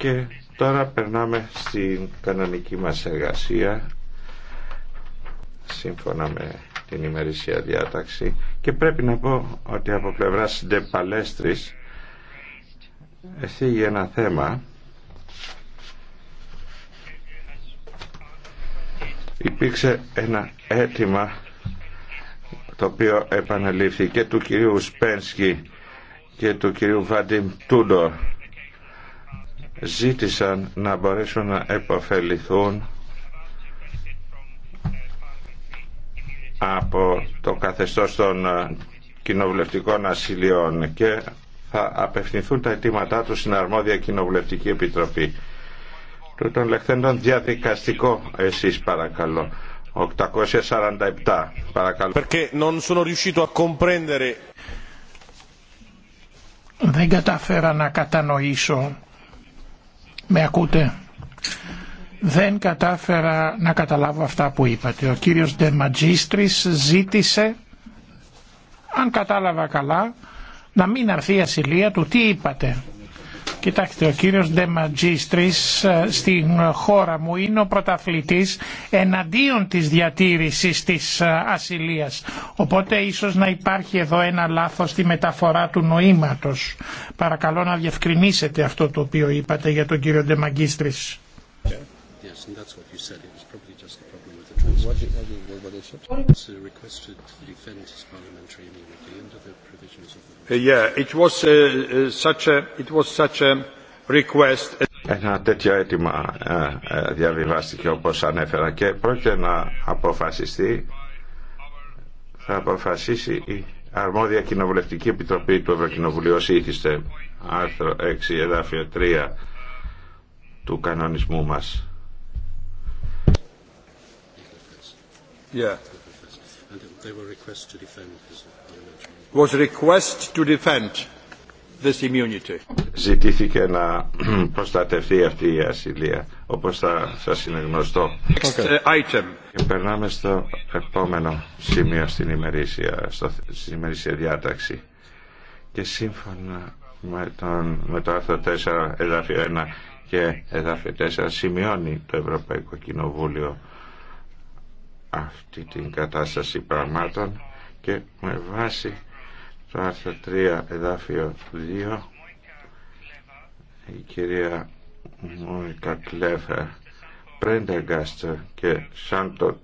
Και τώρα περνάμε στην κανονική μας εργασία σύμφωνα με την ημερησία διάταξη και πρέπει να πω ότι από πλευράς συντεπαλέστρης εθίγει ένα θέμα υπήρξε ένα αίτημα το οποίο και του κυρίου Σπένσκι και του κυρίου Βάντιμ Τούντορ ζήτησαν να μπορέσουν να επωφεληθούν από το καθεστώς των ε, κοινοβουλευτικών ασυλίων και θα απευθυνθούν τα αιτήματά του στην αρμόδια κοινοβουλευτική επιτροπή. Τούτων λεχθέντων διαδικαστικό εσείς παρακαλώ. 847 παρακαλώ. Δεν κατάφερα να κατανοήσω με ακούτε. Δεν κατάφερα να καταλάβω αυτά που είπατε. Ο κύριος Magistris ζήτησε, αν κατάλαβα καλά, να μην αρθεί η ασυλία του. Τι είπατε. Κοιτάξτε, ο κύριος Ντεματζίστρης ε, στην χώρα μου είναι ο πρωταθλητής εναντίον της διατήρησης της ε, ασυλίας. Οπότε ίσως να υπάρχει εδώ ένα λάθος στη μεταφορά του νοήματος. Παρακαλώ να διευκρινίσετε αυτό το οποίο είπατε για τον κύριο Ντεματζίστρης. Yes, and that's what you said. It was probably just a problem with the translation. What, what, what It's said? requested to defend his parliamentary immunity under the provisions of the law. Yeah, it was uh, uh, such a, it was such a request. Ένα τέτοιο αίτημα διαβιβάστηκε όπως ανέφερα και πρόκειται να αποφασιστεί, θα αποφασίσει η αρμόδια κοινοβουλευτική επιτροπή του Ευρωκοινοβουλίου όσοι ήθιστε άρθρο 6 εδάφιο 3 του κανονισμού μας. Ζητήθηκε να προστατευτεί αυτή η ασυλία, όπως θα σας είναι γνωστό. Uh, και περνάμε στο επόμενο σημείο στην ημερήσια, στο, στην ημερήσια διάταξη. Και σύμφωνα με, τον, με το άρθρο 4, εδάφιο 1 και εδάφιο 4, σημειώνει το Ευρωπαϊκό Κοινοβούλιο αυτή την κατάσταση πραγμάτων και με βάση το άρθρο 3 εδάφιο 2 η κυρία Μόνικα Κλέφερ Πρέντεγκάστ και Σάντο